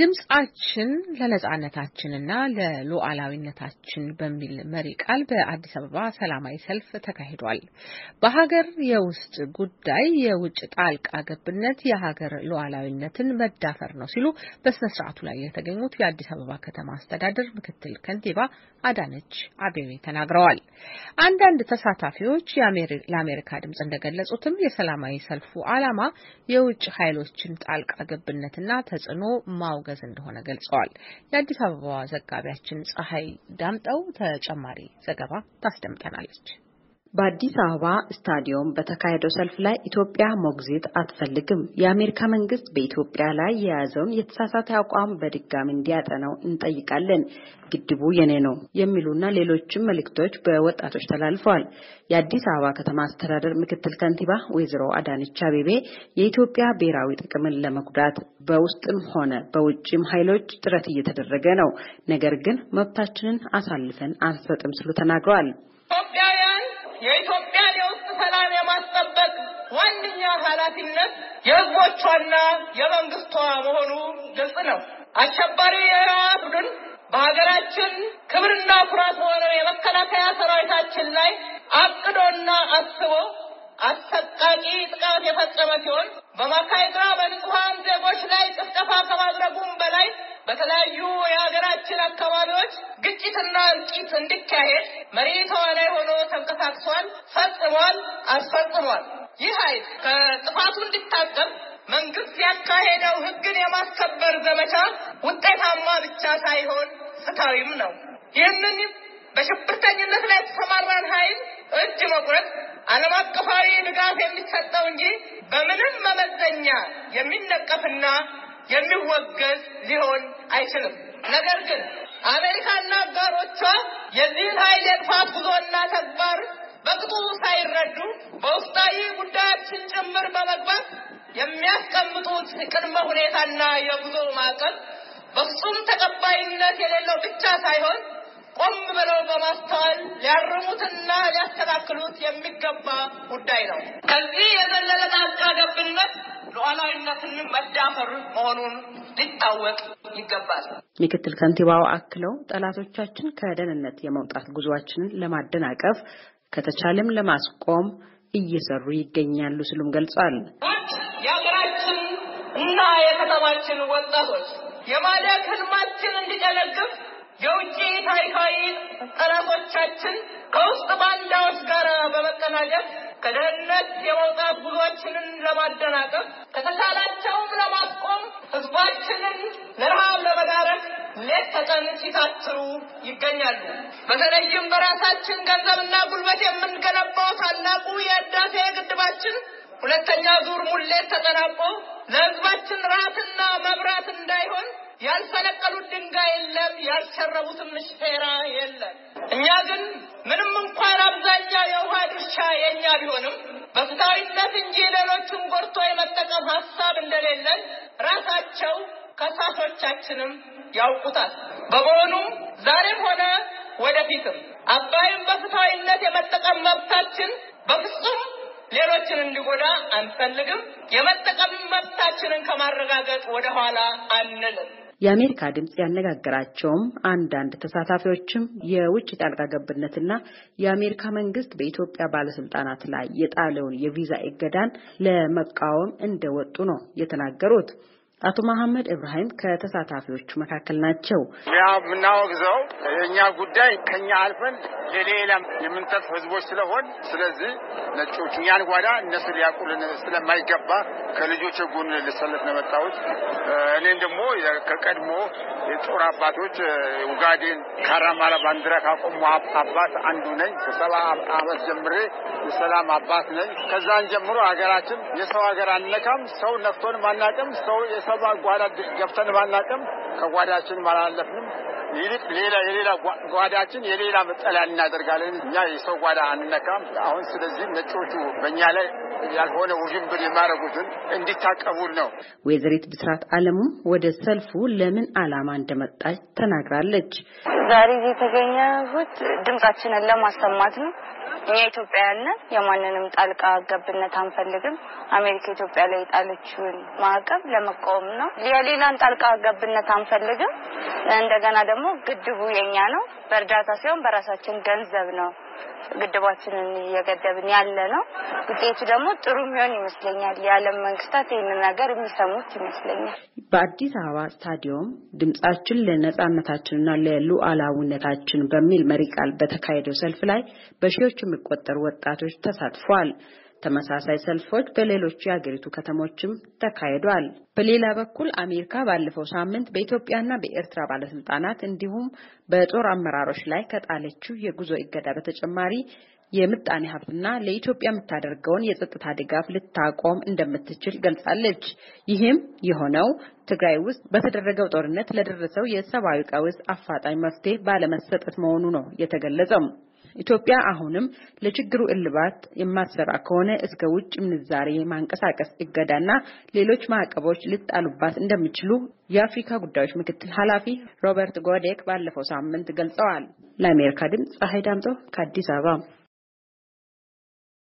ድምጻችን ለነጻነታችንና ለሉዓላዊነታችን በሚል መሪ ቃል በአዲስ አበባ ሰላማዊ ሰልፍ ተካሂዷል። በሀገር የውስጥ ጉዳይ የውጭ ጣልቃ ገብነት የሀገር ሉዓላዊነትን መዳፈር ነው ሲሉ በስነ ስርዓቱ ላይ የተገኙት የአዲስ አበባ ከተማ አስተዳደር ምክትል ከንቲባ አዳነች አቤቤ ተናግረዋል። አንዳንድ ተሳታፊዎች ለአሜሪካ ድምጽ እንደገለጹትም የሰላማዊ ሰልፉ ዓላማ የውጭ ኃይሎችን ጣልቃ ገብነትና ተጽዕኖ ማው ማውገዝ እንደሆነ ገልጸዋል። የአዲስ አበባ ዘጋቢያችን ፀሐይ ዳምጠው ተጨማሪ ዘገባ ታስደምጠናለች። በአዲስ አበባ ስታዲየም በተካሄደው ሰልፍ ላይ ኢትዮጵያ ሞግዚት አትፈልግም፣ የአሜሪካ መንግስት በኢትዮጵያ ላይ የያዘውን የተሳሳተ አቋም በድጋሚ እንዲያጠናው እንጠይቃለን፣ ግድቡ የኔ ነው የሚሉና ሌሎችም መልእክቶች በወጣቶች ተላልፈዋል። የአዲስ አበባ ከተማ አስተዳደር ምክትል ከንቲባ ወይዘሮ አዳነች አቤቤ የኢትዮጵያ ብሔራዊ ጥቅምን ለመጉዳት በውስጥም ሆነ በውጭም ኃይሎች ጥረት እየተደረገ ነው፣ ነገር ግን መብታችንን አሳልፈን አንሰጥም ሲሉ ተናግረዋል። የኢትዮጵያን የውስጥ ሰላም የማስጠበቅ ዋነኛ ኃላፊነት የሕዝቦቿና የመንግስቷ መሆኑ ግልጽ ነው። አሸባሪ የህወሓት ቡድን በሀገራችን ክብርና ኩራት በሆነ የመከላከያ ሰራዊታችን ላይ አቅዶና አስቦ አሰቃቂ ጥቃት የፈጸመ ሲሆን በማካይድራ በንጹሐን ዜጎች ላይ ጭፍጨፋ ከማድረጉም በላይ በተለያዩ በሀገራችን አካባቢዎች ግጭትና እልቂት እንዲካሄድ መሬቷ ላይ ሆኖ ተንቀሳቅሷል፣ ፈጽሟል፣ አስፈጽሟል። ይህ ኃይል ከጥፋቱ እንዲታቀም መንግስት ያካሄደው ህግን የማስከበር ዘመቻ ውጤታማ ብቻ ሳይሆን ፍትሐዊም ነው። ይህንን በሽብርተኝነት ላይ የተሰማራን ኃይል እጅ መቁረጥ ዓለም አቀፋዊ ድጋፍ የሚሰጠው እንጂ በምንም መመዘኛ የሚነቀፍና የሚወገዝ ሊሆን አይችልም። ነገር ግን አሜሪካና አጋሮቿ የዚህን ኃይል የጥፋት ጉዞና ተግባር በቅጡ ሳይረዱ በውስጣዊ ጉዳያችን ጭምር በመግባት የሚያስቀምጡት ቅድመ ሁኔታና የጉዞ ማዕቀብ በፍጹም ተቀባይነት የሌለው ብቻ ሳይሆን ቆም ብለው በማስተዋል ሊያርሙትና ሊያስተካክሉት የሚገባ ጉዳይ ነው። ከዚህ የዘለለ ጣልቃ ገብነት ሉዓላዊነትን መዳፈር መሆኑን ሊታወቅ ይገባል። ምክትል ከንቲባው አክለው ጠላቶቻችን ከደህንነት የመውጣት ጉዟችንን ለማደናቀፍ ከተቻለም ለማስቆም እየሰሩ ይገኛሉ ሲሉም ገልጿል። የሀገራችን እና የከተማችን ወጣቶች የማደግ ህልማችን እንዲጨለግፍ የውጭ ታሪካዊ ጠላቶቻችን ከውስጥ ባንዳዎች ጋር በመቀናጀት ከደህንነት የመውጣት ጉዞችንን ለማደናቀፍ ከተቻላቸውም ለማስቆም ህዝባችንን ለረሃብ ለመዳረግ ሌት ተቀን ሲታትሩ ይገኛሉ። በተለይም በራሳችን ገንዘብና ጉልበት የምንገነባው ታላቁ የህዳሴ ግድባችን ሁለተኛ ዙር ሙሌት ተጠናቆ ለህዝባችን ራትና መብራት እንዳይሆን ያልፈነቀሉት ድንጋይ የለም፣ ያልሸረቡትም ምስፌራ የለም። እኛ ግን ምንም እንኳን አብዛኛው የውሃ ድርሻ የእኛ ቢሆንም በፍትሐዊነት እንጂ ሌሎቹን ጎድቶ የመጠቀም ሀሳብ እንደሌለን ራሳቸው ከሳሾቻችንም ያውቁታል። በመሆኑም ዛሬም ሆነ ወደፊትም አባይም በፍትሐዊነት የመጠቀም መብታችን በፍጹም ሌሎችን እንዲጎዳ አንፈልግም። የመጠቀም መብታችንን ከማረጋገጥ ወደኋላ አንልም። የአሜሪካ ድምፅ ያነጋገራቸውም አንዳንድ ተሳታፊዎችም የውጭ ጣልቃ ገብነትና የአሜሪካ መንግስት በኢትዮጵያ ባለስልጣናት ላይ የጣለውን የቪዛ እገዳን ለመቃወም እንደወጡ ነው የተናገሩት። አቶ መሐመድ እብራሂም ከተሳታፊዎቹ መካከል ናቸው። ያ የምናወግዘው የእኛ ጉዳይ ከኛ አልፈን ለሌላ የምንጠፍ ህዝቦች ስለሆን ስለዚህ ነጮች እኛን ጓዳ እነሱ ሊያውቁልን ስለማይገባ ከልጆች ጎን ልሰለፍ ነው የመጣሁት። እኔን ደግሞ ከቀድሞ የጦር አባቶች ኡጋዴን ካራማራ ባንዲራ ካቆሙ አባት አንዱ ነኝ። ከሰባ አመት ጀምሬ የሰላም አባት ነኝ። ከዛን ጀምሮ ሀገራችን የሰው ሀገር አንነካም፣ ሰው ነፍቶን ማናቅም፣ ሰው አበባ ጓዳ ገብተን ባናቅም ከጓዳችን አላለፍንም። ይልቅ ሌላ የሌላ ጓዳችን የሌላ መጠለያ እናደርጋለን። እኛ የሰው ጓዳ አንነካም። አሁን ስለዚህ ነጮቹ በእኛ ላይ ያልሆነ ውዥንብር የማረጉትን እንዲታቀቡን ነው። ወይዘሪት ብስራት አለሙም ወደ ሰልፉ ለምን አላማ እንደመጣች ተናግራለች። ዛሬ የተገኘሁት ድምጻችንን ለማሰማት ነው። እኛ ኢትዮጵያውያን የማንንም ጣልቃ ገብነት አንፈልግም። አሜሪካ ኢትዮጵያ ላይ የጣለችውን ማዕቀብ ለመቃወም ነው። የሌላን ጣልቃ ገብነት አንፈልግም። እንደገና ደግሞ ግድቡ የኛ ነው። በእርዳታ ሲሆን በራሳችን ገንዘብ ነው ግድባችንን እየገደብን ያለ ነው። ውጤቱ ደግሞ ጥሩ የሚሆን ይመስለኛል። የዓለም መንግስታት ይህንን ነገር የሚሰሙት ይመስለኛል። በአዲስ አበባ ስታዲየም ድምጻችን ለነጻነታችንና ለሉዓላዊነታችን በሚል መሪ ቃል በተካሄደው ሰልፍ ላይ በሺዎች የሚቆጠሩ ወጣቶች ተሳትፏል። ተመሳሳይ ሰልፎች በሌሎች የአገሪቱ ከተሞችም ተካሂደዋል። በሌላ በኩል አሜሪካ ባለፈው ሳምንት በኢትዮጵያና በኤርትራ ባለስልጣናት እንዲሁም በጦር አመራሮች ላይ ከጣለችው የጉዞ እገዳ በተጨማሪ የምጣኔ ሀብትና ለኢትዮጵያ የምታደርገውን የጸጥታ ድጋፍ ልታቆም እንደምትችል ገልጻለች። ይህም የሆነው ትግራይ ውስጥ በተደረገው ጦርነት ለደረሰው የሰብአዊ ቀውስ አፋጣኝ መፍትሄ ባለመሰጠት መሆኑ ነው የተገለጸው። ኢትዮጵያ አሁንም ለችግሩ እልባት የማትሰራ ከሆነ እስከ ውጭ ምንዛሬ ማንቀሳቀስ እገዳና ሌሎች ማዕቀቦች ልጣሉባት እንደሚችሉ የአፍሪካ ጉዳዮች ምክትል ኃላፊ ሮበርት ጎዴክ ባለፈው ሳምንት ገልጸዋል። ለአሜሪካ ድምፅ ፀሐይ ዳምጦ ከአዲስ አበባ